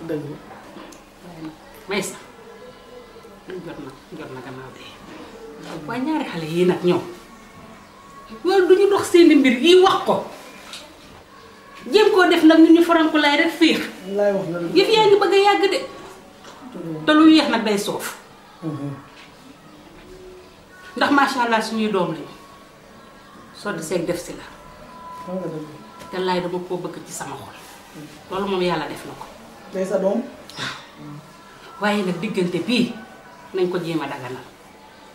dëgg la nag may sax jot na jot na gannaaw de waaye ñaari xale yii nag ñoom loolu du ñu dox seeni mbir yi wax ko jéem koo def nag ñu ñu faranku lay rek fiix yëf yaa ngi bëgg yàgg de te lu yéex nag day soof mhm. ndax macha allah suñuy doom lañu sotti seeg def si la te laay dama koo bëgg ci sama xol loolu moom yàlla def na ko day sa doom waaye nag diggante bii nañ ko jéem a daganal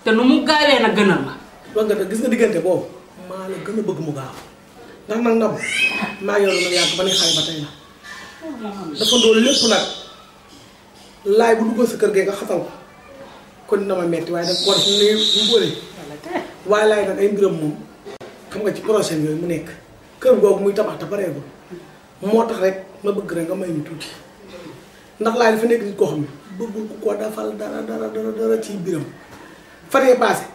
te nu mu gaawee nag gënal ma wax nga gis nga diggante boobu maa gën a bëgg mu gaaw ndax nag ndam maa ngi doon yàgg ba ne xale ba tey la dafa doon lépp nag laay bu duggoon sa kër gee nga xatal ko kon dina metti waaye dafa war a ne mu bëre waaye laay nag ay mbiram moom xam nga ci projet yooyu mu nekk kër googu muy tabax te pareegul moo tax rek ma bëgg rek nga may ñu tuuti ndax laay dafa nekk nit koo xam ne bëggul ku ko defal dara dara dara ci biram fa dee passé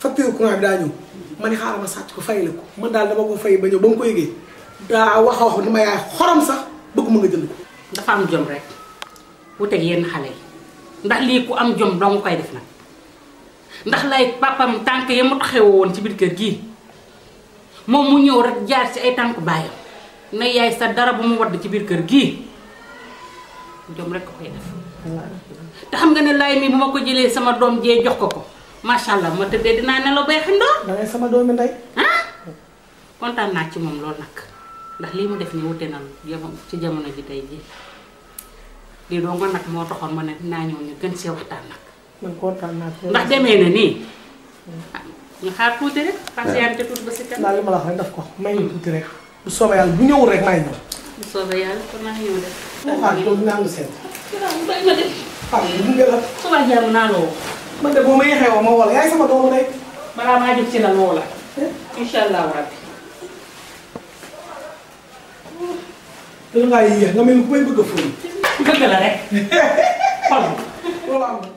facture ma ne xaaral ma sàcc ko fay la ko man daal dama ko fay ba ñëw ba mu ko yëgee daa wax a ma yaay xorom sax bëgguma nga jënd ko. dafa am jom rek wuteeg yenn xale yi ndax lii ku am jom dong koy def nag ndax lay papam tànk ya mu taxew woon ci biir kër gii moom mu ñëw jaar ci ay tànk baayam na yaay sa dara bu mu wadd ci biir kër gii. jom rek ko koy def ta xam nga ne lay mi buma ko jëlee sama dom jé jox ko ko machallah ma ma dina dinaa nelaw bay xindoo da ngay sama domi nday han kontaan na ci mom loolu nak ndax li mu def ni wuté nan na ci jamono ji tay ji lii do nga nak mo taxoon ma ne dinaa ñëw ñu gën ci waxtan nak man kontaan naa ndax démé na ni ñu xaar tuuti rek patiente tuuti ba si kanam daal li ma la xay daf ko may ñu tuuti rek bu soobee yàlla bu ñew rek may ñu bu soobee yàlla ko na ñëw def Fapal doon nangu seen. waaw ma def. Fapal bu ngeen am. Fapal jaamu naa la woo. man de boo may xew ma woo la yaay sama doomu day. balaa maa jóg ci la woo la. incha allah rabbi. da ngaa yéex nga mel ni ku may bëgg a fóon. bëgg la rek. xool.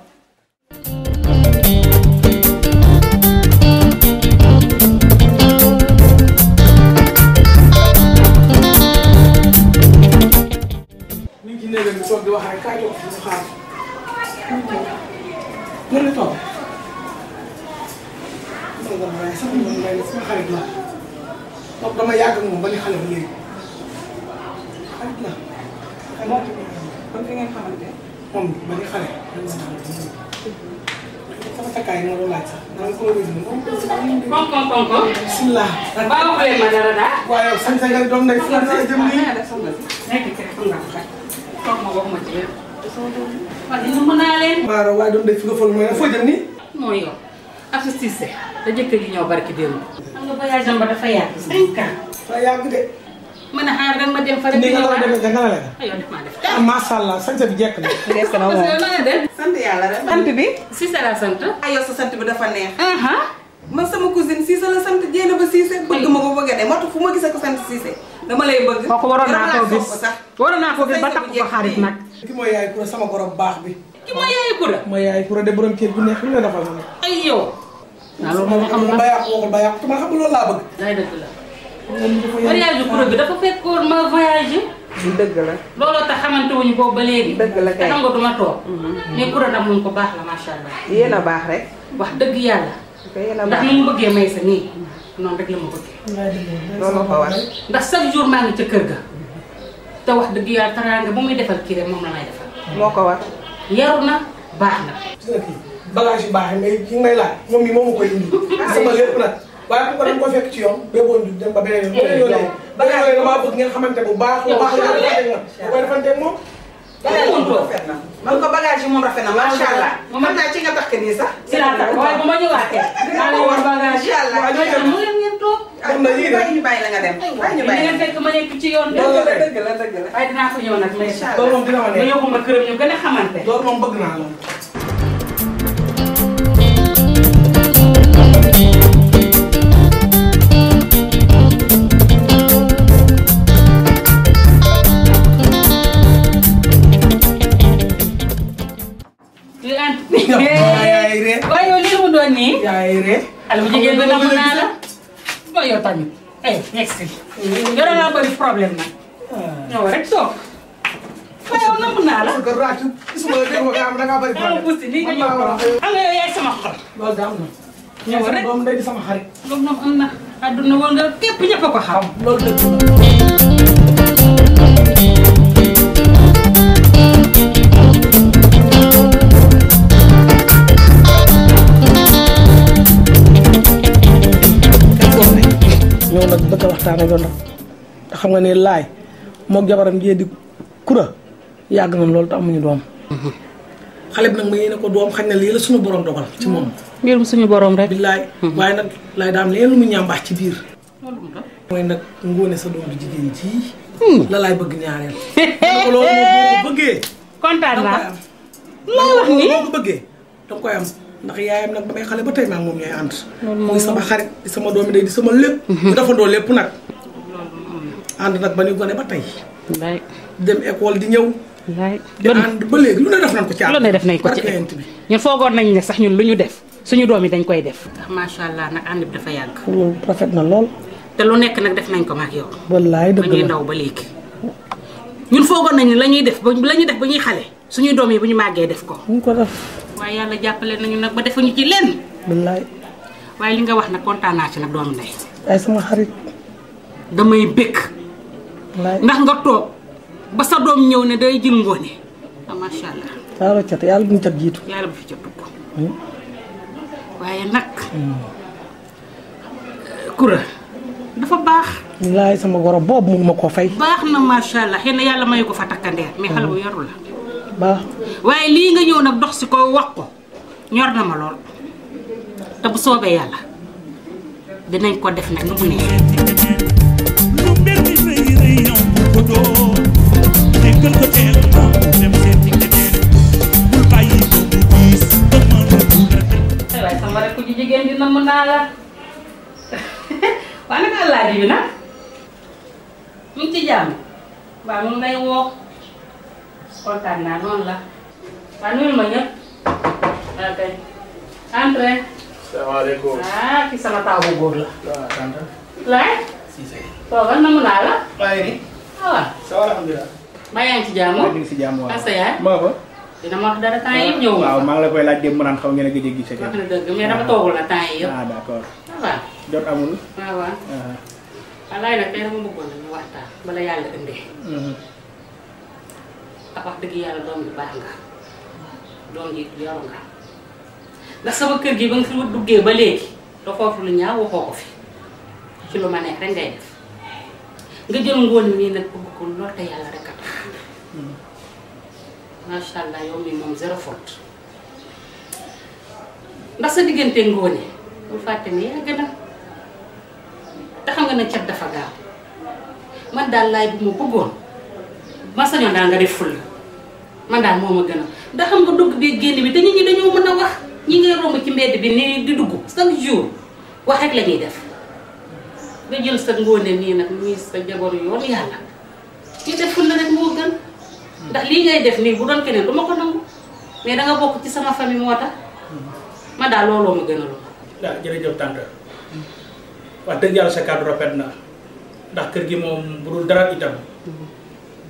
néegam bi toog di wax rek kaay toog di xaar kaay toog gën a toog. monsieur Dramé sax moom ngay def sama xarit la toog dama yàgg ak moom ba ni xale bu léegi xarit la. moom kon fi ngeen xamante moom ba ni xale dañ si xamante moom. sama takkaay moo doon laaj sax maa ngi ko wér moom. kon kon kon kon. bisimilah. baaxulee ma dara daal. waaw yow sañ-sañ nga doom ndey fu la jëm nii. nekk ci rek xam nga ko toog ma wax ma ci lépp. waaye ñu mën naa leen. Mara waaye doon def fi nga foog mooy foo de. mën a xaar ren ma dem fa rek. nii la demee nga ah, sant bi jekk bi. Cissé laa sant. aywa sa sant bi dafa neex. Uh-huh. man sama cousine Cissé la sante jeena ba Cissé bëgg ma ko bëgg de moo tax fu ko sante Cissé dama lay bëgg. ko waroon naa ko gis waroon naa koo gis ba takk ko xarit nak ki mooy yaay ko sama borom bax bi. ki mooy yaay ko da mooy yaay ko de borom keer gu neex lu la defal ay yow. na lo mo xam nga bayax ko bayax ba ma xam lo la laa bëgg. day dëgg la. mariage ko bi dafa ko ma voyage voyagé. dëgg la. lolo tax xamante wuñu boobu ba léegi. dëgg la kay xam nga du ma toog. mais kura nag moom ko bax la ma sha allah. yéen bax rek. Eh. wax dëgg yalla ndax ni mu bëggee may sa nii noonu rek la ma bëggee. loolu ko war ndax chaque jour maa ngi ca kër ga. te wax dëgg yàlla taraanga mu muy defal kii rek ma la may defal. moo ko war. yaru na baax na. bagage yu baax yi ngay yi ngay laaj moom mi moomu koy indi. Ah, sama lépp nag waaye ku ko doon ko fekk ci yoon. béboo ñu dem ba beneen yoon. Eh, beneen yoon damaa bëgg ngeen xamante bu baax. bu baax la nga defante moom. beneen monto rafet na man ko bagage yi moom rafet na macha allah. xam naa ci nga takk nii sax. ci laa takk waaye bu ma ñëwaatee. dinaa la war bagage mu leen ngeen toog. am na lii rek ñu bàyyi la nga dem. bàyyi ñu bàyyi la fekk ma nekk ci yoon. dëgg la dëgg la dëgg la. waaye dinaa ko ñëw nag. macha allah loolu moom dina ma nekk ma yóbbu ma këram ñu gën a xamante. loolu moom bëgg naa loolu. xale bu jigéen bi nala, naa la ma yow tamit eh nekk si yow da ngaa bëri problème nag ñëw rek toog ma yow namm naa la dangaa bëri problème li nga ñëw xam nga yow yaay sama xol loolu daa na ñëw rek moom day di sama xarit loolu moom am na àdduna woon nga képp ñëpp ko xam loolu ñëw nag bëgg waxtaan ak yow nag xam nga jabaram di kura yàgg na loolu te amuñu doom xale bi ma yéene ko doom xañ na lii la suñu borom dogal ci moom mbirum suñu borom rek daam leen lu mu ñàmbaax ci biir mooy nag ngóone sa doom bi jigéen ji hmm. la laay bëgg ñaareel ko loolu moo ko wax ni ko koy am ndax yaayam nag ba may xale ba tey maa moom ñooy ànd. muy sama xarit di sama doomi day sama lépp. ñu mhm. defandoo lépp nag. ànd nag ba ñu gone ba tey. dem école di ñëw. wallaay ba léegi def nañ ko ci àll. lu def nañ ko ci ñun foogoon nañ ne sax ñun lu ñu def suñu doom yi dañ koy def. macha allah nag ànd bi dafa yàgg. loolu na lool. te lu nekk nag def nañ ko maak yow. wallaay dëgg ba ñuy ndaw ba léegi. ñun foogoon nañ ne la ñuy def ba la ñuy def ba ñuy xale suñu doom yi bu ñu màggee def ko. ko waaye yàlla jàppale nañu nag ba defuñu ci lenn. wallaay. waaye li nga wax nag kontaan naa ci la doom ndey. ay sama xarit. damay békk. ndax nga toog ba sa doom ñëw ne day jël ngoone. Ah, macha yàlla cat yàlla jiitu. yàlla bu fi cat dugg. Hmm? waaye nag. Hmm. kura dafa baax. wallaay sama goro boobu mënuma ko fay. baax na macha allah xëy na yàlla mayu ko fa takkandeer mais hmm. xale bu yaru la. waaye lii nga ñëw nag dox si ko wax ko ñor na ma lool te bu soobee yàlla dinañ ko def nag nu mu neex la waaye nag àllaaji bi nag mu ci jàmm waaw mu ngi woo kontaan naa noonu la waaw nuyul ma ñëpp ah ki sama tahu bu góor la. waaw tante. Laye. Cissé. toogal namu naa la. maa ngi nii. ah. ça va alhamdulilah. maa yaa ngi ci jàmm. maa ngi ci jàmm waaw. Assa yaay. maa fa. la koy laaj démb naan xaw ngeen a la ah amul. ak wax yàlla doom ji baax nga doom ji yaru nga ndax sama kër gi ba nga fi duggee ba léegi da foofu lu ñaaw waxoo ko fi ci lu ma neex rek ngay def nga jël ngoon mii nag bëgg ko lool te yàlla rek a tax macha allah yow mii moom zéro faute ndax sa diggante ngoone bul fàtte ne yàgg te xam nga ne cat dafa gaaw man daal laay bu ma bëggoon. ma ñu daal nga def ful man daal moma gëna da xam nga dugg bi génn bi te nit ñi dañoo mëna wax ñi ngay romb ci mbedd bi ni di dugg sax jour wax rek lañuy def nga jël sa ngone ni nak muy sa jabor yoon yàlla ci def ful rek mo gën ndax hmm. li ngay def ni bu doon keneen duma ko nangu mais da nga bokk ci sama famille mo tax hmm. man daal looloo ma gëna lu da jëre jërëjëf tante wax deug yàlla sa kàddu rafet na ndax kër gi moom bu dul dara itam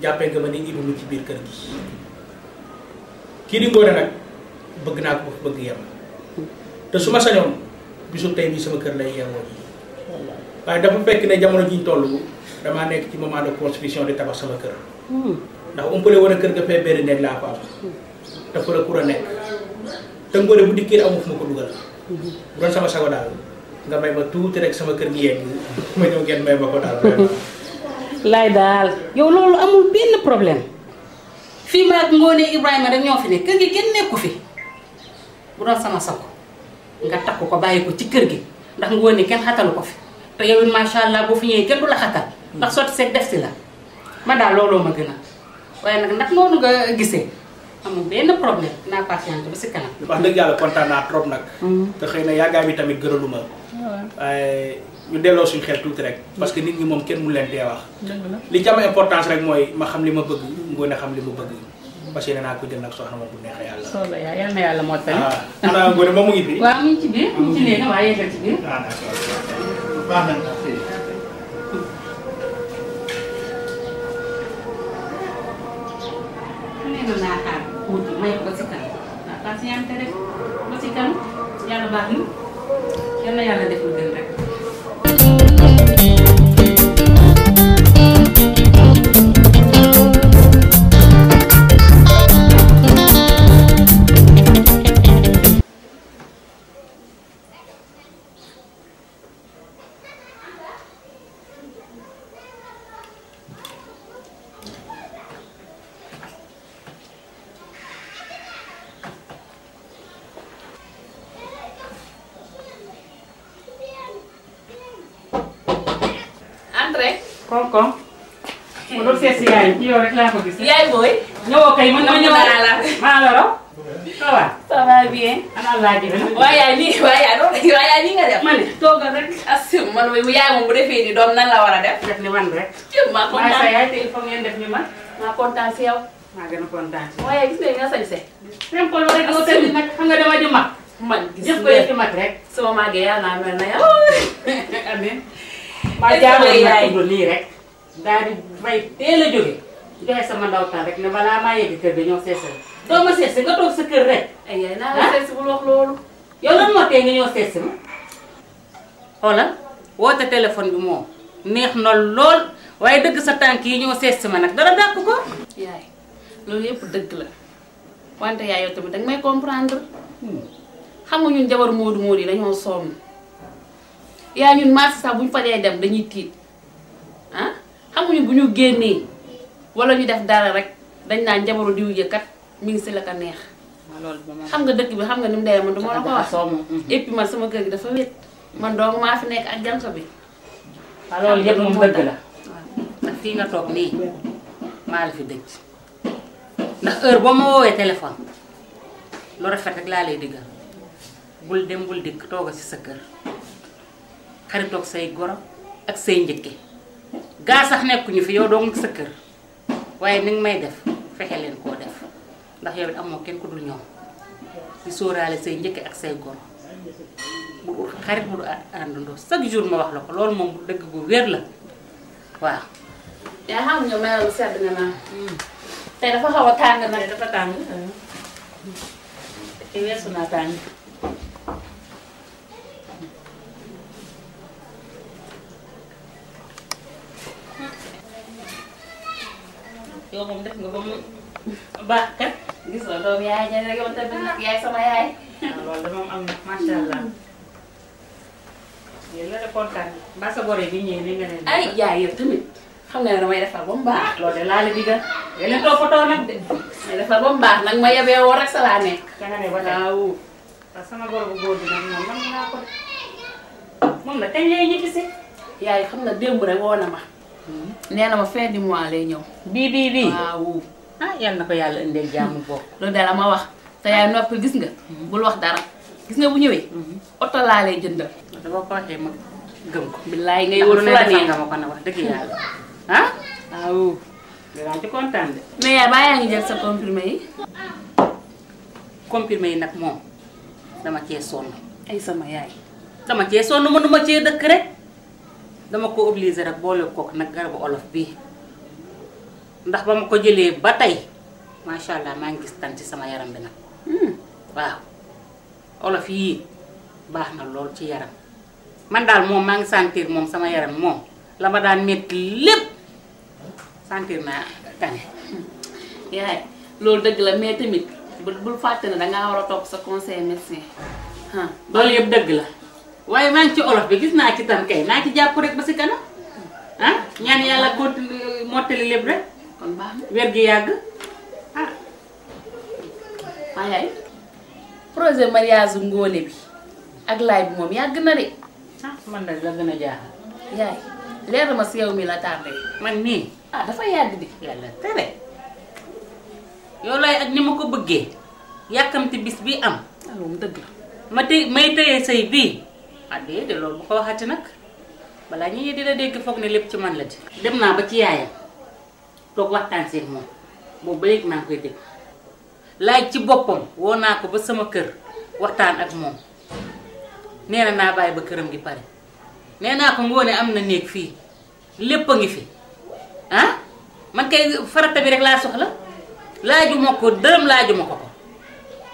jappé nga mané ni ci bir kër gi ki di ngóone nak bëgg na ko bëgg yam té suma sañon bisu tay bi sama kër lay yéwo yi waaye dafa fekk né jamono jiñ tollu dama nekk ci moment de construction de tabax sama kër ndax on woon wone kër nga fay benn nek la ko am te fa la kur nek té ngoré bu dikkee amu fuma ko duggal bu sama sago dal nga may ba tout rek sama kër gi yegg ma ñëw ngeen may ba ko daal laay daal yow loolu amul benn problème fii ma ak Ngoné Ibrahima rek ñoo fi ne kër gi kenn nekku fi bu doon sama sago nga takk ko bàyyi ko ci kër gi ndax Ngoné kenn xatalu ko fi te yow it macha allah boo fi kenn du la xatal ndax sotti ma daal looloo ma gën a waaye nag ndax noonu nga gisee amul benn problème naa patiente ba si kanam. wax dëgg yàlla kontaan naa trop nag. Mm. te xëy na yàggaay bi tamit gënaluma. Ah waaye. ñu delloo suñu xel tuuti rek parce que nit ñi moom kenn mu leen dee wax li ci importance rek mooy ma xam li ma bëgg ngoon a xam li ma bëgg parce que nee ko jël nag soxna moom bu neex yàlla soxla yaa yal na yàlla moo tane waaw ah, xanaa ngoone ba mu ngi fi waaw mu ngi ci biir mu ngi ci léegi waaye yeetal ci biir waaw ah, d'accord baax na mën naa xaar tuuti may ko ba si kanam ndax patiente rek ba si kanam yàlla baax na yal na yàlla def gën rek koom. ma doon seet si yaay ci yow rek laa ko gis. yaay booy. ñëwoo kay mën na ñëw maa la raw. ça va. ça va bien. ana laa ji benn. waaye yaay nii waaye yaay noonu waaye nga def. ma ne toogal man bu yaay moom bu defee nii doom nan la a ni man rek. yëpp maa kontaan maa sa yaay te il faut ngeen def ni man. maa kontaan si yow. maa gën a kontaan si yow. waaye gis nga nga sañse. simple wala doo mag. man gis nga jëf ko mat rek. soo màggee yàlla naa mel na daal di may teel a jóge joxe sama ndaw tan rek ne balaa maa yegg kër ga ñoo seesal doo ma seesi nga toog sa kër rek. ay yaay naa la ah? seesi bul wax loolu. yow lan moo tee nga ñoo seesi ma. woote téléphone bi moom neex na lool waaye dëgg sa tànk yi ñoo seesi ma nag dara dàq ko. yaay loolu yépp dëgg la wante yaay yow tamit danga may comprendre hmm. xam nga ñun jabar Moodu Moodu yi dañoo sonn yaa ñun marché sax bu fa dee dem dañuy tiit ah. xamuñu bu ñu génnee wala ñu def dara rek dañ naan jabaru diw yëkkat ngi si la ka neex. xam nga dëkk bi xam nga ni mu demee man du ma la ko wax. et man sama kër gi dafa wét. man donc maa fi nekk ak janso bi. waaw loolu yëpp moom dëgg ndax fii nga toog nii maa la fi dëgg ndax heure boo ma woowee téléphone lu rafet rek laa lay diggal bul dem bul dikk tooga si sa kër xaritoog say goro ak say njëkke gaa sax nekkuñu fi yow doo sa kër waaye ni may def fexe leen koo def ndax yow it amoo kenn ku dul ñoom di sóoraale say njëkk ak say goro bu xarit bu du àndandoo chaque jour ma wax la ko loolu moom dëgg bu wér la waaw. yaa xam nga mayal sedd nga naan. Hmm. tey dafa xaw a tàng nag dafa tàng. te weesu naa tàng. yow moom def nga ba mu baax kat gis nga doom yaay ja rek yow tamit yaay sama yaay. waaw loolu de moom am na macha allah. yéen la de kontaan ba sa bor bi ñëwee ni nga leen. ay yaay yow tamit xam nga ne damay defar ba mu baax. loolu de laa la digal. nga leen toppatoo nag de. may defar ba mu baax nag ma yebee woo rek sa laa nekk. da nga ne ba tey waaw. parce que sama bor bu góor bi nag moom man naa ko de moom la kañ lay ñibbisi. yaay xam na démb rek woo na ma. nee na ma fin du mois lay ñëw. bii bii bii waaw. ah yal na ko yàlla indee jàmm bokk. loolu dara ma wax te yaay noppal gis nga. bul wax dara gis nga bu ñëwee. Mhm. oto laa lay jëndal. dama ko waxee ma gëm ko. billaay ngay wër la nee nga ma ko na wax dëgg yàlla ah waaw. danaa ci kontaan de. mais yaay baa yaa ngi jël sa comprimé yi. comprimé yi nag moom dama cee sonn ay sama yaay dama cee sonn mënuma cee dëkk rek. dama ko obliser rek boole ko nag garabu olof bi ndax ba ma ko jëlee ba tey macha allah maa ngi gis tan ci sama yaram bi nag hmm. waaw olof yii baax na lool ci yaram man daal moom maa ngi sentir moom sama yaram moom la ma daan métti lépp sentir naa tane yaay loolu dëgg la mais tamit bul fàtte ne dangaa war a topp sa conseil médecin loolu yëpp dëgg la waye man ci olof bi gis na ci tam kay na ci japp rek ba ci kanam ah ñaan yalla ko mottali lepp rek kon baax na gi yàgg ah ay projet mariage ngóone bi ak lay bi mom yag na de ah man nag la gëna a jaaxal yaay leer ma ci yow mi la tardé man ni ah dafa yag di yalla tere yow lay ak nima ko bëggee yakamti bis bi am mu ah, dëgg la ma tay may tayé sëy bi ah déedéet loolu bu ko waxati nag balaa ñuy di la dégg foog ne lépp ci man la di dem naa ba ci yaayam toog waxtaan seeg moom boobu ba léegi maa koy dégg laaj ci boppam woo naa ko ba sama kër waxtaan ak moom nee naa bàyyi ba këram gi pare nee naa ko ngoone am na néeg fii lépp a ngi fi ah man kay farata bi rek laa soxla laaju ma ko dërëm laaju ma ko ko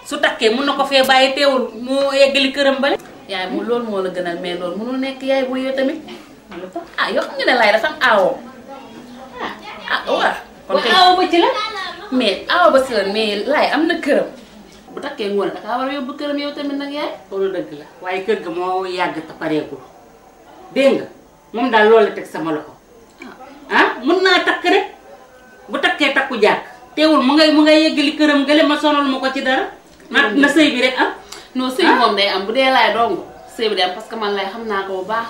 su takkee mun na ko fee bàyyi teewul moo yeggali këram bale yaay mu loolu mo la gënal mais loolu mënul nekk yaay bu yow tamit ah yoo xam nga ne lay dafa sax aawo ah waaw. Ah. kon kay aawo ba ci la. mais aawo ba ci la mais lay am na këram. bu takkee ngoon da kaa war a yóbbu këram yow tamit nag yaay. loolu dëgg la waaye kër ga moo yàgg te pareegul dégg nga moom daal loolu la teg sama loxo ah, ah mën naa takk rek bu takkee takku jàkk teewul mu ngay mu ngay yeggali këram gële ma sonal ma ko ci dara. na sëy bi rek ah non sëy moom day am bu dee laay dong sëy bi am parce que man lay xam naa ko bu baax.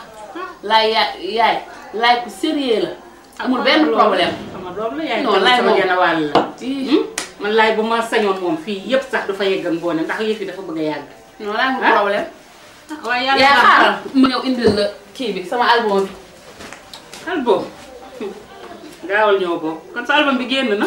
laay yaay laay ku sérieux la. Ah, amul benn problème sama doom sama genn wàll la. Hmm? Hmm? man laay bu ma sañoon moom fii yëpp sax du fa yeggal ngoone ndax yëf yi dafa bëgg a yàgg. non laay mu problème. Ah, yaa xaaral mu ñëw indil la kii bi sama album bi. album gaawal ñëw ko kon sa album bi génn na.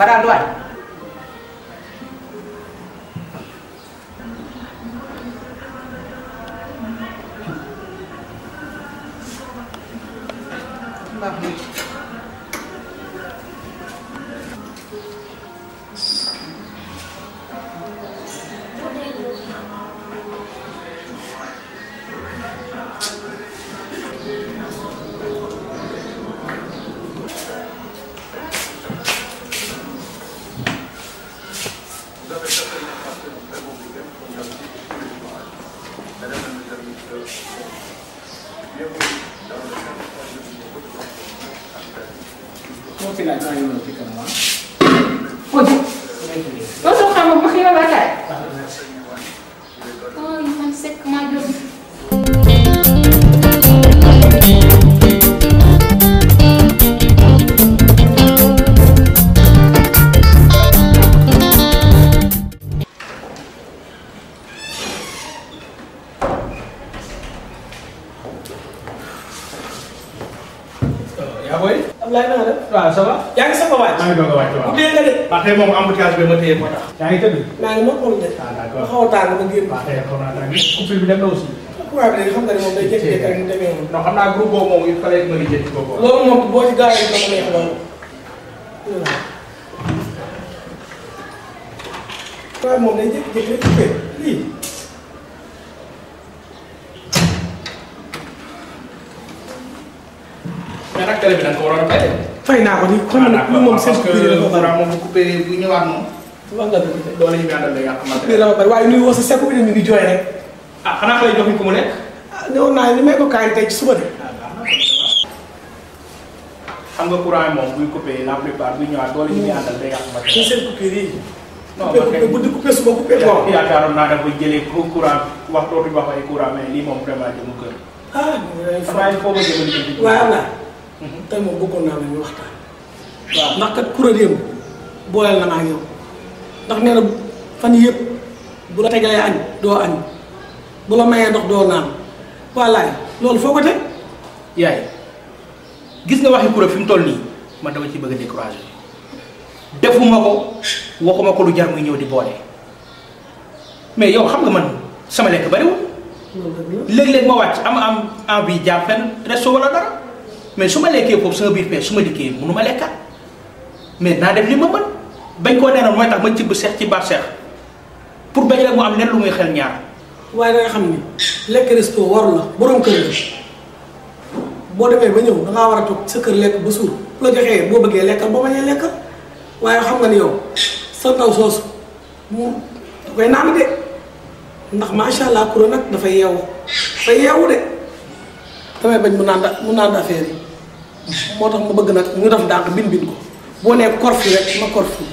barang tuan Allahu සවා යන් සමවයි මම භගවත් උදේ නේද මතේ මම අම්බුතිකාස් බෙමතේ මට යයි තද මම මොකද තානක හොතාන මගේ පාටේ කොනාටගේ කුපි බිඩම උසි kuwabre xam nga ne moom day jékki jékki rek ñu demee moom non xam naa groupe boobu moom yëpp kale mën a jënd ko loolu moom boo ci gaa yi dama neex loolu waaye moom day jékki jékki rek coupé lii mais nag télé bi da nga ko waroon a fay fay naa ko di xam nga moom seen. bu ñëwaat moom. wax nga dëgg de doole ñu ngi àndal léegi ak xamante ne. dama bëri waaye nuyu woo sa sekku bi mi ngi jooy rek. ah xanaa xale jox ñu ko mu nekk. ah ne woon naa ne may ko kaay tey ci suba de. Ah, xam nga courant yi moom buy coupé la plupart buy ñëwaat doole ñu ngi àndal léegi ak xamante ne. seen coupé yi. non man kay bu di coupé suba coupé boobu. yaakaaroon naa dafa jëlee courant wax dootuñu wax ay courant mais lii moom vraiment jëmu kër. ah. waaye foo ko jëlee tay moom bëggoon naa nañu waxtaan waaw ndax kat kuréel booleel na maa yow ndax nee na fan yëpp bu la tegalee añ doo añ bu la mayee ndox doo naan wallaay loolu foo ko teg yaay gis nga waxi kuréel fi mu toll nii man dama ci bëgg a découragé defuma ko waxuma ko lu jar muy ñëw di boole mais yow xam nga man sama lekk wu léeg-léeg ma wàcc am am envie jàpp fenn resto wala dara mais suma ma lekkee sama biir fee suma ma liggéey mënu ma lekkat mais naa def li ma mën bañ ko nenal moy tax ma bu xeex ci bar xeex pour bañ la mu am len lu muy xel ñaar way da nga xamni ni resto war la borom kër la bo demee ba ñew da nga wara tok sa kër lekk bu suur la joxee boo bëggee lekkal boo bañee lekkal xam nga ni yow sa taw sos mu da naan de ndax sha allah kuro da fay yew fay yew de damay bañ mu naan mu naan affaire yi moo tax ma bëgg nag ñu def dànk bin bin ko boo nee korfi rek ma korfi.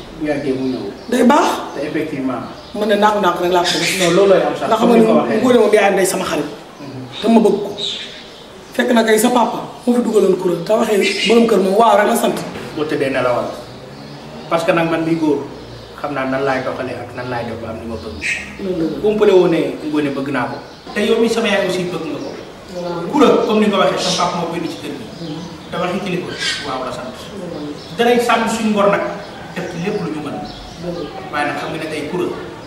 day baax. te effectivement. ne ndànk ndànk rek laa ko def. non looloo am sax ndax man góode moom sama xarit. Mhm. te ma bëgg ko fekk na kay sa papa moo fi dugaloon kuréel te waxee borom kër moom waaw rek la sant. parce que nag man mi góor xam naa nan laay doxalee ak nan laay def ba am li ma bëgg. woo bëgg naa ko. te yow mi sama yaay aussi bëgg nga ko. kura comme ni nga ko waxee sa papa moo koy di ci kër gi. Mm-hmm. te waxi kilifa waaw la sant. Mm-hmm. danañ sàmm suñu ngor nag def lépp lu ñu mën. Mm-hmm. waaye nag xam nga ne tey kura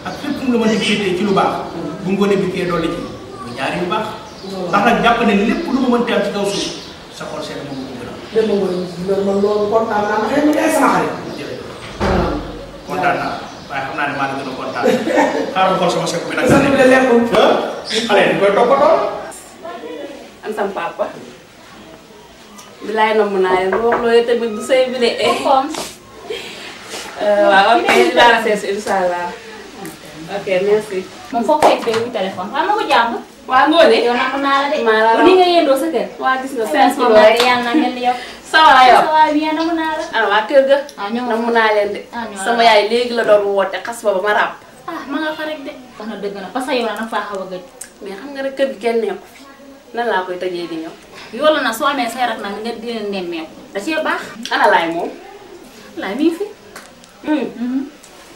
ak fépp a féetee ci lu baax. bu ngoone bi kee dolli ci mu ñaari yu baax. ndax nag jàpp ne lépp lu mu mënti am ci kaw suuf sa xol seen moom moo gën a. lépp moo gën a man kontaan naa ndax yéen yaay sama xarit. jërëjëf kontaan naa ne maa ngi gën a kontaan xaaral ma xool sama am sama papa. bilaay namm naa leen wax loolu tamit bu sëy bi de. waaw eh. euh, waaw ok dinaa la sees incha allah. ok merci. moom foog fekk bee wuñ téléphone waaw ma ko jàmm. waaw ngoone yow namm naa la de. maa la ni nga yendoo sa kër. waa gis nga 5 kilos rek yàlla na mel ni yow. ça va yow ça va bien namm naa la. ah waa kër ga. ah ñoom namm naa leen de. Ah, sama yaay léegi la doon woote xas ba ba ma ràpp. ah ma nga fa rek de. wax na dëgg na parce que yow nag faa xaw a gëj. mais xam nga rek kër gi kenn nekkul. nan laa koy tëjee di ñëw. yoolu na soo amee say rak nag nga dina nemmeeku. da cee baax. ana laay moom. laay mi ngi fi. Hmm. Mhm.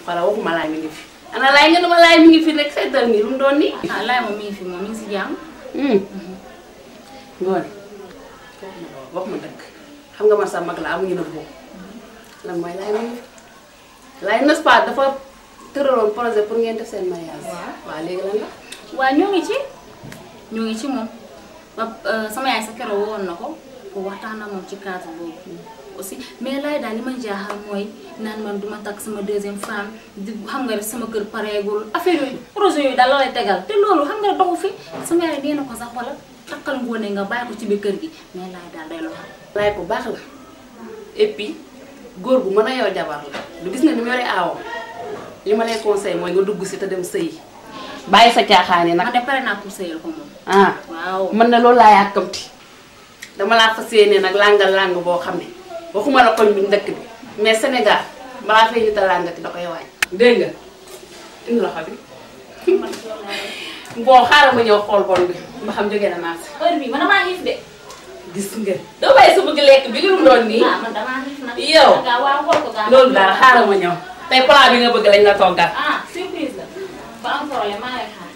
voilà waxuma laay mi ngi fi. ana laay nga ne ma laay mi ngi fi rek seetal nii lu mu doon nii. ah laay moom mi ngi fi moom mi ngi si jàmm. Hmm. ngoone wax ma dëgg xam nga man sa mag la amuñu na boobu lan mooy laay mi ngi fi laay n'est-ce pas dafa tëraloon projet pour ngeen def seen mariage. waaw waaw léegi lan la. waaw ñoo ngi ci ñoo ngi ci moom. ba euh, sama yaay sa keroog woon na ko pour waxtaan ak moom ci cadre boobu aussi mais lay daal li ma jaaxal mooy naan man duma takk sama deuxième femme di xam nga rek sama kër pareegul affaire yooyu projet yooyu daal la lay te loolu xam nga doxu fi sama yaay ko sax wala takkal ngoone nga bàyyi ci biir kër gi mais lay daal day loo xam ko baax la et góor gu mën a yor jabar la lu gis nga ni mu yore aawam li ma lay conseil mooy nga dugg si te dem sëyi bàyyi sa caaxaan yi nag. man ah, de pare naa pour sëyal ko moom. ah na loolu laa yàkkamti dama laa fas yéene nag langal lang boo xam ne waxuma la koñ bi dëkk bi mais Sénégal balaa fay nit a langati da koy wàññi. dégg nga loxo bi boo xaaral ñëw xool bon bi xam jóge gis nga lekk bi li mu doon nii. Ah, yow loolu daal xaaral ma ñëw. tey plat bi nga bëgg lañ la toggal. Ah, ก็ต้องโปรเลมากเลยค่ะ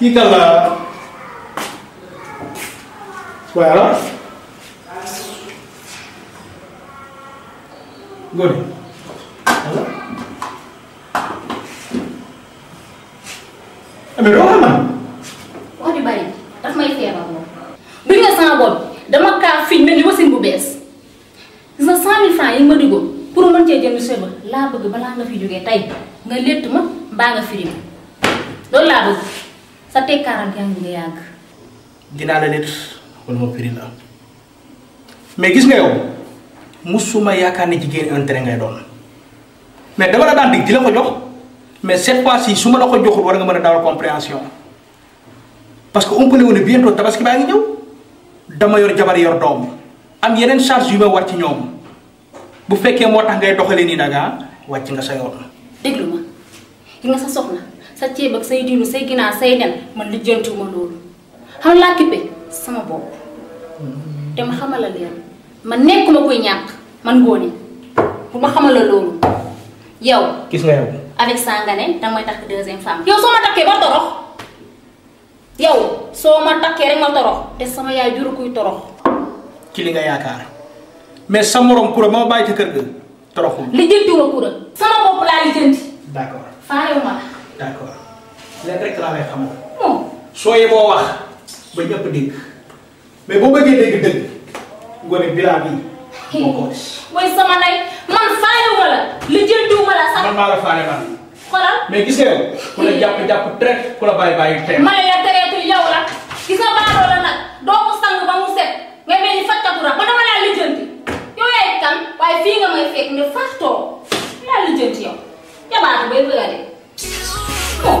ที่กันละ Well, goleiro. Tá bom? É melhor ou não? Olha, Bari, tá com uma ideia, Babu. Bem, na sala, Bob, dá uma cara fim, mas eu vou bes. Gis na 100 000 francs yi ma digo pour mën cee jënd sëba laa bëgg balaa nga fi jógee tey nga létt ma mbaa nga firi ma loolu laa bëgg sa tekkaaraan yaa ngi nga te dinaa la létt wala ma firi la mais gis nga yow musuma yaakaar ne jigéen intérêt ngay don mais dama la daan dig dila ko jox mais cette fois ci suma la ko joxul war nga meuna dawal compréhension parce que umpale wu ne bientôt tabaski ba nga ñew dama yor jabar yor dom am yenen charge yu ma war ci ñom bu fekke motax ngay doxale ni daga ah, wacc nga sa yor déglu ma di nga sa soxna sa ceeb ak say diinu say gina say nen man jentu ma lool xam la kipe sama bop dem xamala leer man nekkuma koy ñak man Ngoni pour ma xamal la loolu yow. gis nga yow. avec ça nga ne danga takk deuxième femme. yow soo ma takkee ma torox yow soo ma takkee rek ma torox te sama yaay juru kuy torox. ci li nga yaakaar mais sa moroom kura ma bàyyi ci kër ga toroxul. lijjanti ma kura. sama bopp laa lijjanti. d' accord faalewu ma la. d' accord rek laa lay xamal. soo yeboo wax ba ñëpp dégg mais boo bëggee dégg dëgg Ngoni biraa bi. kii mooy sama nay man faalewuma la li jënduwuma la man maa la faale man. xoolal mais gis nga ku la jàpp ku la bàyyi bàyyi traite. ma ne la traite la gis nga baaroo la nag doo ko sang ba mu set nga mel ni fajkatu rab ba dama laa lijjanti yow yaay kan waaye fii nga may fekk ne fàttoo laa lijjanti yow jabaatu bay bëgg a dee bon.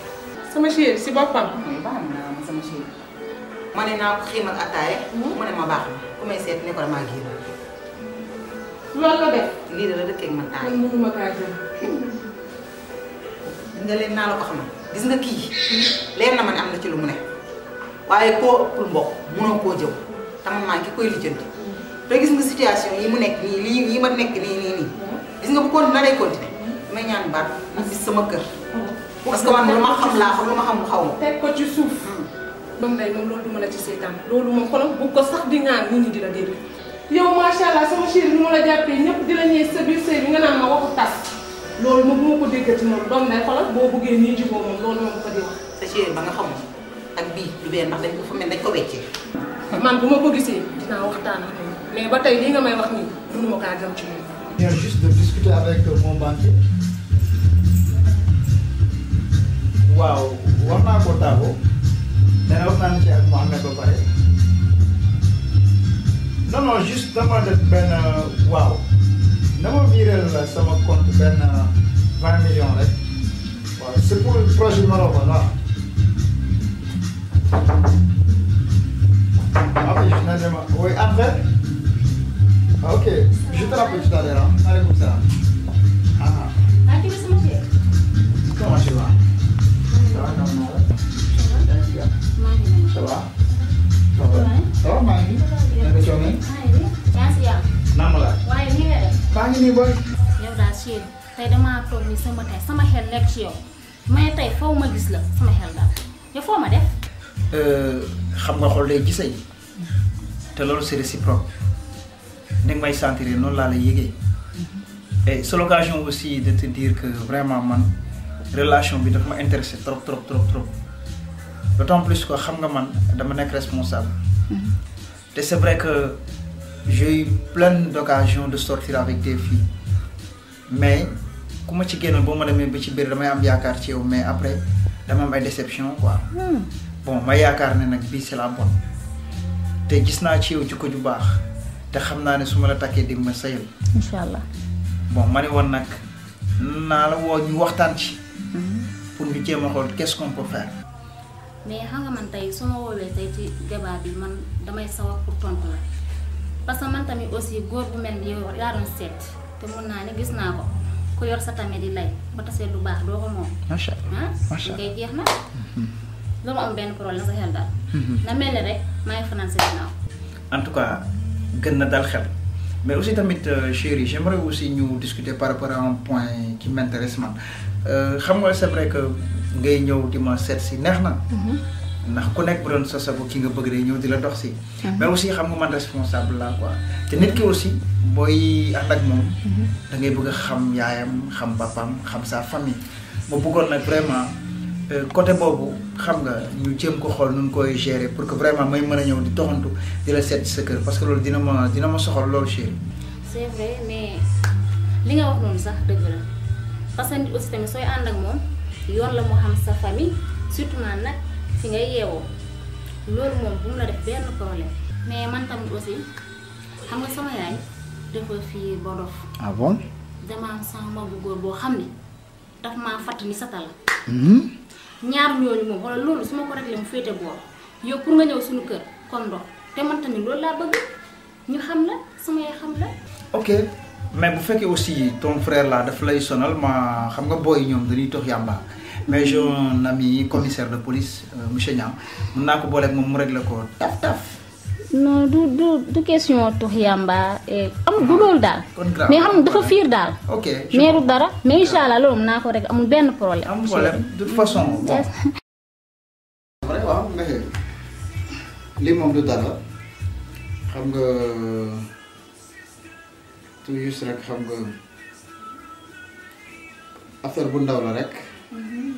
sama chéri si boppam. baax naa ma sama chéri ma ne naa ko xiimal attaaye. Hmm? mu ne ma baax na ku may seet ne ko damaa génn. la def. lii de la dëkkee ak man nga leen naa la ko xamal gis nga kii leer na ma ne am na ci lu mu ne waaye koo ëppul mbokk mënoo koo jëw te man maa ngi koy lijjanti hmm. te gis nga situation yi mu nekk nii lii yi ma nekk nii nii nii hmm. gis nga bu ko naree continuer damay ñaan baat mu gis sama kër. parce que man lu ma xam laa xam lu ma xam xaw ma. teg ko ci suuf. donc day moom loolu du mën a ci seetaan loolu moom xoolal bu ko sax di ñaan nit ñi di la dégg. yow macha allah sama chérie nu ma la jàppee ñëpp di la ñëw sa biir sëy bi nga naan ma waxu tas loolu moom bu ma ko déggati moom wax. sa chérie ba nga xamul ak bii du bee ndax dañ ko fa mel dañ ko weccee. man bu ma ko gisee dinaa waxtaan ak moom mais ba tey li nga may wax nii mënuma kaa gëm ci moom. je viens juste de discuter avec mon banquier. well, Je xol day pas te loolu c'est réciproque je nga may sentir noonu laa la yëgee et c'est l'occasion aussi de te dire que vraiment man relation bi ma trop trop trop trop d'autant plus que xam nga man dama nekk responsable mm-hmm. te c'est vrai que j'ai eu plein d'occasions de sortir avec des filles mais quand je ci génn boo ma demee ba ci biir damay am yaakaar ci yow mais après dama am ay déception quoi. Mm. bon ma yaakaar ne nag bii c'est la bonne te gis naa ci yow jukko ju baax te xam naa ne su ma la takkee di ma sayal. incha allah bon ma ne woon nag naa la woo ñu waxtaan ci. Mm-hmm. pour ñu jéem a xool qu'est-ce qu'on peut faire. mais ma woowee tey ci débat bi man damay sawar pour tontu la parce que man tamit aussi góor bu mel ni yow yaa doon seet te mun naa ne gis naa ko ku yor sa tamit di lay ba tasee lu baax doo ko moom. macha allah ah, macha allah na. Mm-hmm. doo am benn problème sa xel daal. Mhm. na mel rek maa ngi fanaan en tout cas gën na dal xel mais aussi tamit euh, chérie j'aimerais aussi ñu discuter par rapport à un point qui m'intéresse man euh, xam nga c'est vrai que ngay ñëw di ma seet si neex na. Mhm. ndax ku nekk bu doon sa sabu ki nga bëgg day ñëw di la dox si. Mhm. mais aussi xam nga man responsable laa quoi te nit ki aussi booy ànd ak moom. da ngay bëgg xam yaayam xam papam xam sa famille ma bëggoon nag vraiment. Euh, côté bobu xam nga ñu jëm ko xol nun koy gérer pour que vraiment may mëna ñëw di toxantu di la sét sa kër parce que loolu dina ma dina ma soxal loolu chérie c'est vrai mais li nga wax noonu sax dëgg la parce que aussi tamit sooy ànd ak moom yoon la mu xam sa famille surtout nag fi ngay yeewoo loolu moom bu mu la def benn problème mais man tamit aussi xam nga sama yaay dafa fi borof ah bon dama sama bu góor boo xam ne daf maa fatt ni sa tala mhm. ñaar ñooñu moom wala loolu su ma ko réglé mu féete boor yow pour nga ñëw suñu kër kon ndox te man tamit loolu laa bëgg ñu xam la sama yaay xam la. ok mais bu fekkee aussi ton frère là daf lay sonal ma xam nga booy ñoom dañuy tox yàmba mais j'ai un ami commissaire de police euh, monsieur Niam mun naa ko booleeg moom mu réglé ko taf taf. non du du question tux yàmba eh, amul du loolu daal. mais xam dafa fiir daal. mais du dara mais incha allah loolu naa ko rek amul benn problème. amul problème de moom du dara xam nga tout juste rek xam nga affaire bu ndaw la rek. Mhm,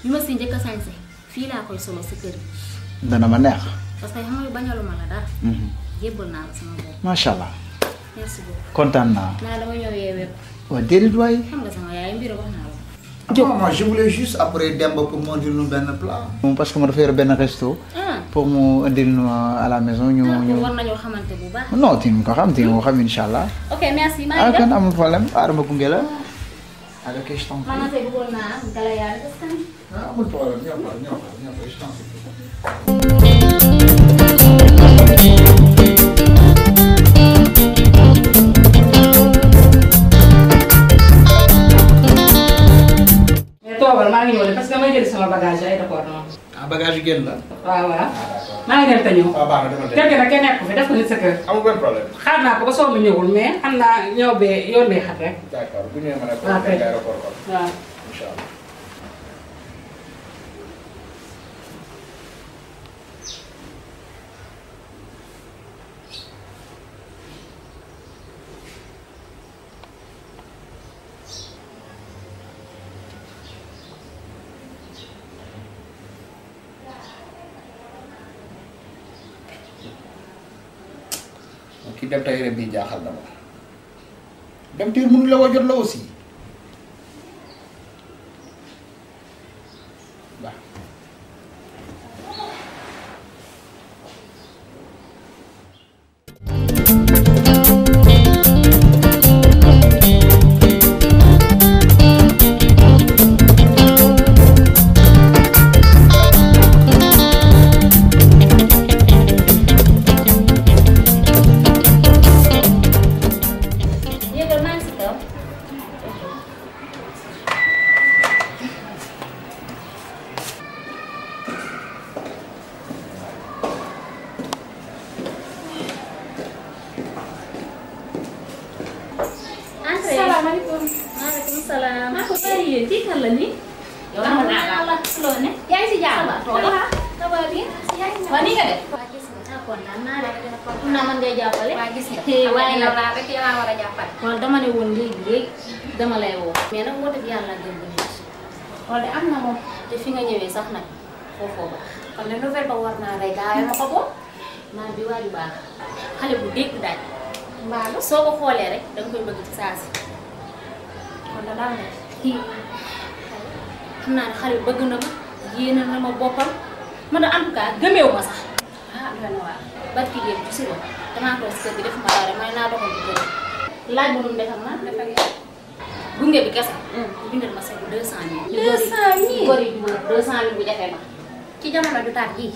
bi ma si njëkk a sañse fii laa koy solo si kër gi. dana ma neex. parce que xam nga bañaluma la mhm. macha allah. merci kontaan naa. naa dama ñëw yeewee ko. waaw déedéet waay. xam nga naa la. Ah, après Demba pour mu benn plat. moom parce que ma dafa yor benn resto. Ah. pour mu indil ñu à la maison ñu. Ah, ñu war nañoo xamante bu baax. non ti ko xam ti ko xam incha allah. ok merci maa ngi dem ah kon problème aar ma gunge la. Olha a questão. Mas não tem gulonar, galera, Ah, muito bom, minha pai, minha pai, minha pai, bagagem ಬಗಾಜ್ ಆಯ್ತಾ ಆ ah, ಗೆಲ್ಲ maa ngi dem te ñëw. waaw ah, baax na demal tey nag ko nit sa kër. amul benn problème. xaar naa ko ba soo mu ñëwul mais xam naa ñëw bee yoon bee rek. d'accord bu ñëwee mën dem tey rek jaaxal na ma dem tey mënu la woo jot la aussi. jigéen tiital la nii. yow la naa la loo ne. yaa ngi si jàmm toogal ah. ça va bien. waa ni nga def. waa gis nga kontaan naa a jàppale. waaw dama ne woon léegi léegi dama lay woo. mais nag moo dëgg yàlla gën bu nit. loolu am na moom te fi nga ñëwee sax nag foofoo baax. kon de war naa rey gaa ma ko ko. naan bi waaju baax xale bu dégg daaj. mbaa soo ko xoolee rek da nga koy bëgg saa si xam naa xale bëgg na ma yéene na ma boppam man en tout cas gëmeewu ma sax ah loolu waaw si loolu damaa toog si kër defuma dara may naa doxal bu bëri laaj ba mu defal ma dafa gunge bi kese. Mm. bindal ma seen 200000. 200000 góor yi góor yi bu jafe ma. ci jamono du taat ji.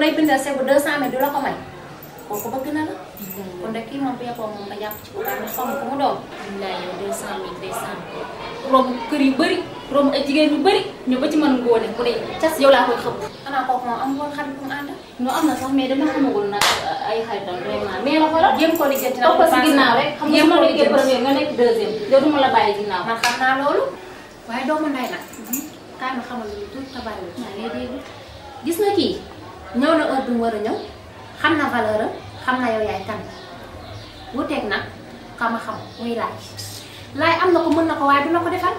lay bindal seen 200000 du la ko may kooku bëgg na la. kondaki mampu ya kwa mampu ya kuchiko kama kwa bila ya desa mi desa rom kiri beri rom aja eh, ni beri nyoba cuman gue nih, ko cas yow la koy xeb ana ko ko am won xarit no amna sax mais dama xamagul nak ay xaritam vraiment mais la xolal jëm ko mau jënt na ko ci ginaaw rek xam nga mo liggé premier nga nek deuxième do duma la bayyi ginaaw lu tout gis nga ki ñew na heure bu wara xam na yow yaay kan wuteeg nak kama xam muy lay lay am na ko mën na ko waaye du ko defal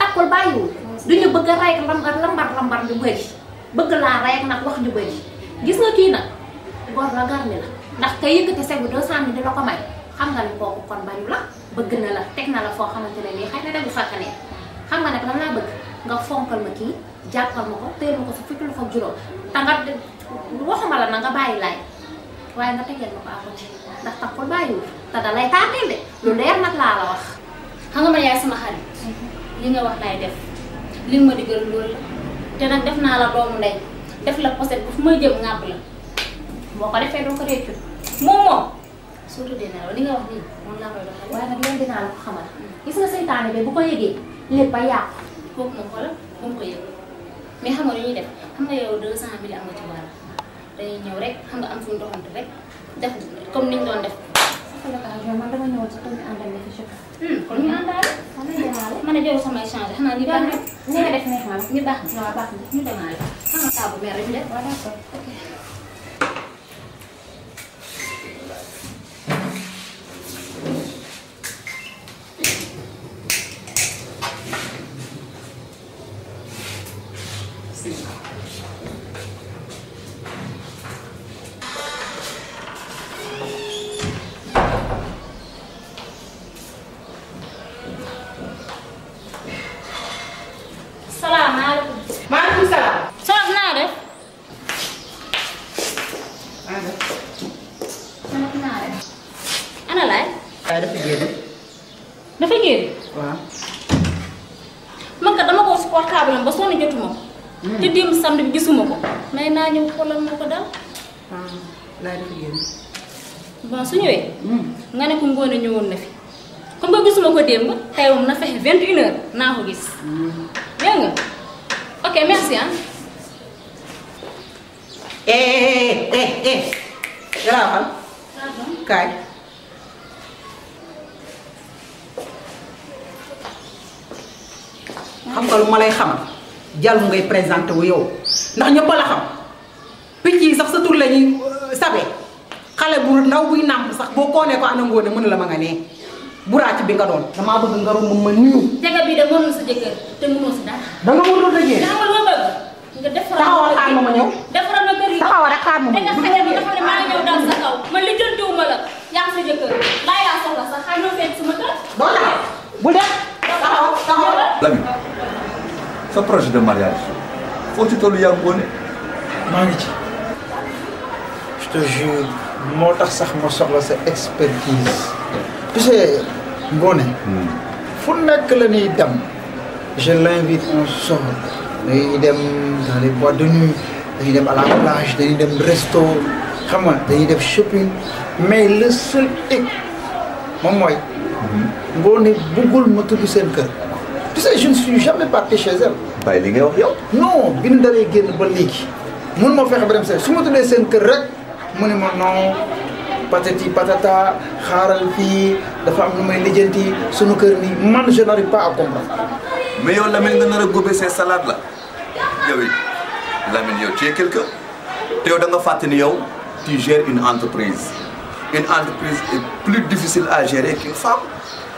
takul bayu duñu bëgg ray ak lambar lambar lambar du bëj bëgg la ray ak nak wax du bëj gis nga ki nak gor la gar ni la ndax ka yëkkati segu 200 000 di ko may xam nga ni koku kon bayu la bëgg na la tek na la fo xamantene ni nii xëy na dagu fàkkanee xam nga nak lan la bëgg nga fonkal ma ki jappal mako ko téel ma ko fa juro loxo nga waxuma la nga bàyyi lay waaye nga tegeel ma mm. ko à côté ndax tax ko bàyyiwul te da lay taatee de lu leer nag laa la wax. xam nga man yaay sama xarit. li nga wax lay def li ma digal loolu la te nag def naa la doomu ndey def la poset bu fu may jëm ŋàpp la boo ko defee doo ko réccu moom moom surtout dina la li nga wax nii moom laa koy doxal. waaye nag loolu dinaa la ko xamal gis nga seytaane bi bu ko yëgee lépp a yàqu. kooku moom xoolal bu mu ko yëg mais xam lu ñuy def xam nga yow 200000 day ñëw rek xam nga am fu rek def comme niñ doon def. man dama ñëwoon si tool yi àndal na fi hmm, si kon ñu àndaale. man a jëloon samay changé xanaa ñu baax na. ñu def neex na ñu baax na waaw baax na ñu demaale. sama taabu mère rek ñu def. waaw yàlla ngay présenté wu yow ndax ñepp la xam picc yi sax sa tour lañuy ñuy euh, sabe bu ndaw buy nàmp sax bo koonee ko ana ngone mëna la ma nga nee buraati bi nga doon dama bëgg nga romb ma nuyu. jege bi de mënul sa jëkkër te mënoo sa dara. da nga mënul dëggee. da nga bëgg nga defaral. taxawal xaar ma ma ñëw. defaral ma kër yi taxawal rek xaar nga bi dafa sa kaw li la sa soxla sax kër. bu taxaw taxaw. sa projet de mariage foo ci tollu yaa ci je te jure moo tax sax ma soxla sa expertise tu sais Ngoné hmm. fu nekk la ñuy dem je l'invite on sort dañuy dem dans les bois de nuit dañuy dem à la plage dañuy dem resto xam nga dañuy def shopping mais le seul hic moom mooy Ngoné hmm. buggul ma tudd seen kër tu sais je ne suis jamais parti chez elle. Bah il est rien. non bien ñu dalee génn ba léegi mun ma fexe ba dem seen su ma tuddee seen kër rek mu ne non patati patata xaaral fii dafa am lu may lijjanti sunu kër ni. man je n'arrive pas à comprendre. mais yow l'a nga nar a góobee seen salade la yow Lamine yow tu es quelqu'un Tu es da nga yow tu gères une entreprise une entreprise est plus difficile à gérer qu'une femme.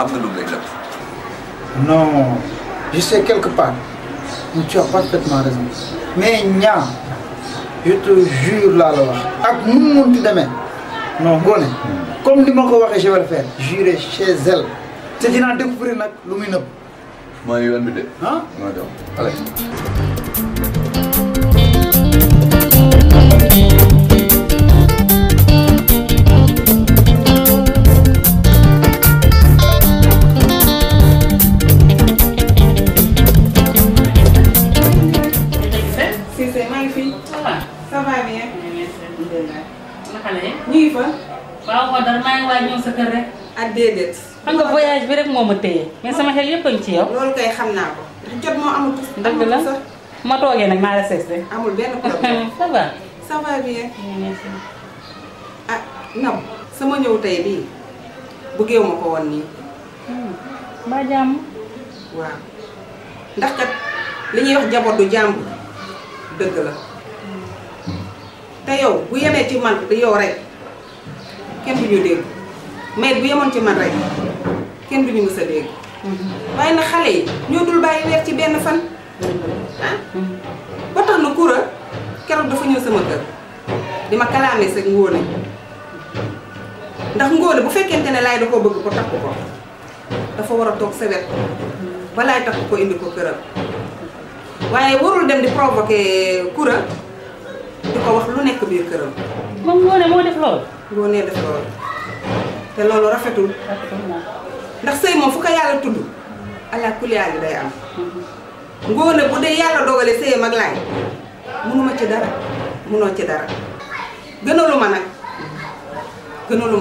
am nga lu mu lay non je sais quelque part tu as parfaitement raison mais ñaa je te jure laa la wax nu mu munti demee non ngoone comme ni ma ko waxee je vais le faire j'irai chez elle te dinaa découvrir nag lu muy nëb. mooy yoon bi de. ah mooy yoon allez. ñu ngi fa. waaw waaw dara maa ngi ñëw sa kër rek. ak ah, déedéet. xam nga voyage bi rek moo ma téye. mais sama xel yëpp a ngi ci yow. loolu kay xam naa ko. ndax jot moo amul. dëgg la ma toogee nag maa la amul benn problème ça va. Ah, sama ñëw tey bii ko woon nii. Hmm. mbaa jàmm. waaw ndax kat li ñuy wax njaboot du jàmbur dëgg la hmm. te yow bu yemee ci man yow rek. kenn du ñu dégg mais bu yemoon ci man rek kenn du ñu mës a dégg waaye na xale yi ñoo dul bàyyi weer ci benn fan ah ba tax na kura keroog dafa ñëw sama kër di ma kalaame sa ngóone ndax ngóone bu fekkente ne laay da koo bëgg ko takk ko dafa war a toog sa wet balaay takk ko indi ko këram waaye warul dem di provoquer kura di ko wax lu nekk biir këram. moom ngóone moo def loolu. boo nee def loolu te loolu rafetul ndax sëy moom fu ko yàlla tudd ala kuliyaal bi day am ngóone bu dee yàlla dogalee sëyam ak laay mënuma ci dara mënoo ci dara gënalu ma nag gënalu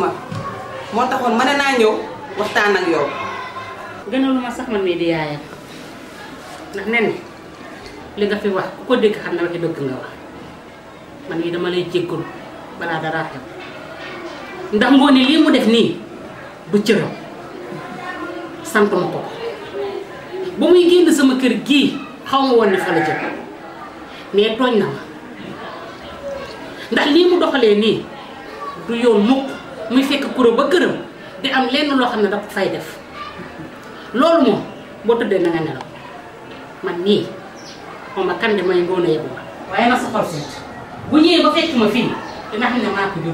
moo taxoon mën naa ñëw waxtaan ak yow gënalu ma sax man mii di yaayam ndax nen li nga fi wax ku ko dégg xam na waxi dëgg nga wax man yi dama lay jéggalu balaa dara xew ndax ngoone lii mu def nii bu cëram sant ma ko ba muy génn sama kër gii xaw ma woon ne fa la mais tooñ na ma ndax lii mu doxalee nii du yoon mukk muy fekk kuro ba këram di am lenn loo xam ne dafa fay def loolu moom boo tëddee na nelaw man nii xaw ma kan de may ngoone yeboo waaye na sa xol bu ñëwee ba fekk ma fii dina xam ne maa ko jur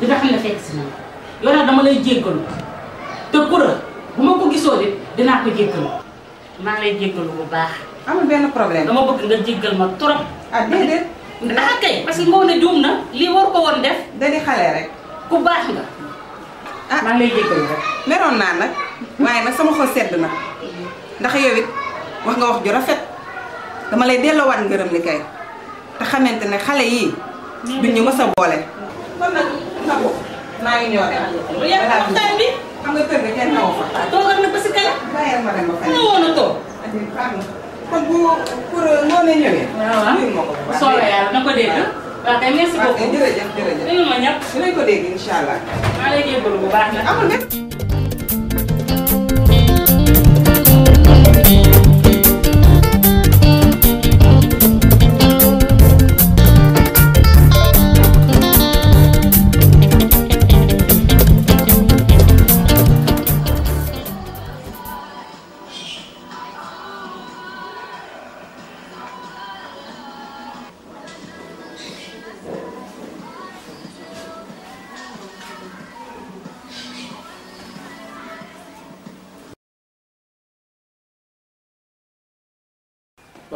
li nga xam ne fekk si na yow dama lay jéggalu te bu ma ko gisoo it dinaa ko jéggalu man ngi lay jéggalu bu baax. amul benn problème dama bëgg nga jéggal ma trop. ah déedéet. ndax ah, kay parce que nga ne juum na lii war ko woon def. da di xale rek. ku baax nga. ah maa ngi lay jéggalu rek. meroon naa nag waaye nag sama xol sedd na ndax yow wax nga wax ju rafet dama lay delloowaat ngërëm li kay te xamante ne xale yii. duñ ñu mës boole. na ko maa ngi ñëw rek. waxtaan nga kër ga kenn na fa. toogal na ba si kala. bàyyil ma dem ba fay. woon a toog. bu pour noonu la ñëwee. waaw solo yàlla na ko dégg. waaw kay merci beaucoup waaw kay jërëjëf jërëjëf. déglu ma ñëpp. dinañ ko dégg incha allah.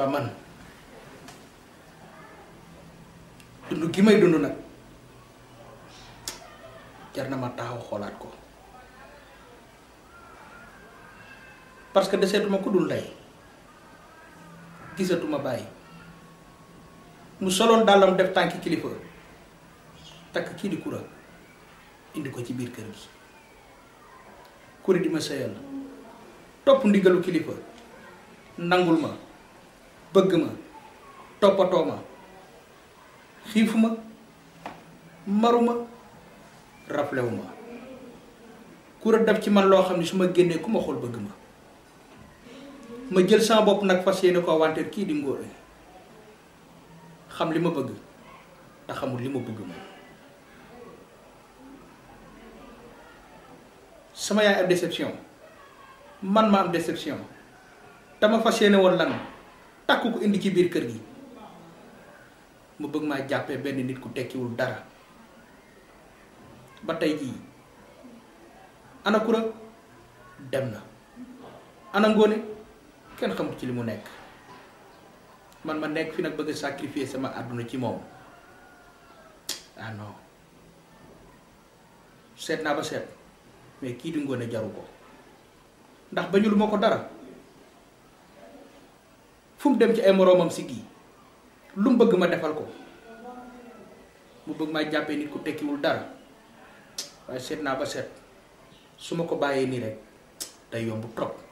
Touba man dundu gi may dundu nak jarna ma taxaw xoolaat ko parce que deseetuma ku dul ndey gisatuma bàyyi mu soloon dalam def tanki kilifa tak ki di kura indi ko ci bir keur gi kuri di ma sayal top ndigalu kilifa nangul ma bëgg ma toppatoo ma xiifu ma maru ma raflewu ma ku def ci man loo xam ne su ma génnee ku ma xool bëgg ma ma jël sama bopp nag fas yéene ko wanteer kii di xam li ma bëgg te xamul li ma bëgg ma sama yaay am déception man ma am déception dama fas yéene lan takku ko indi ci biir kër gi mu bëgg maa jàppee benn nit ku tekkiwul dara ba tey jii ana kura dem na ana ngóone kenn xamut ci li mu nekk man ma nekk fi nag bëgg sacrifier sama àdduna ci moom ah non seet naa ba seet mais kii di ngóone jaru ko ndax bañul dara fu mu dem ci ay moroomam si kii lu mu bëgg ma defal ko mu bëgg maa jàppee nit ku tekkiwul dara waaye seet naa ba seet su ma ko bàyyee nii rek te yomb trop.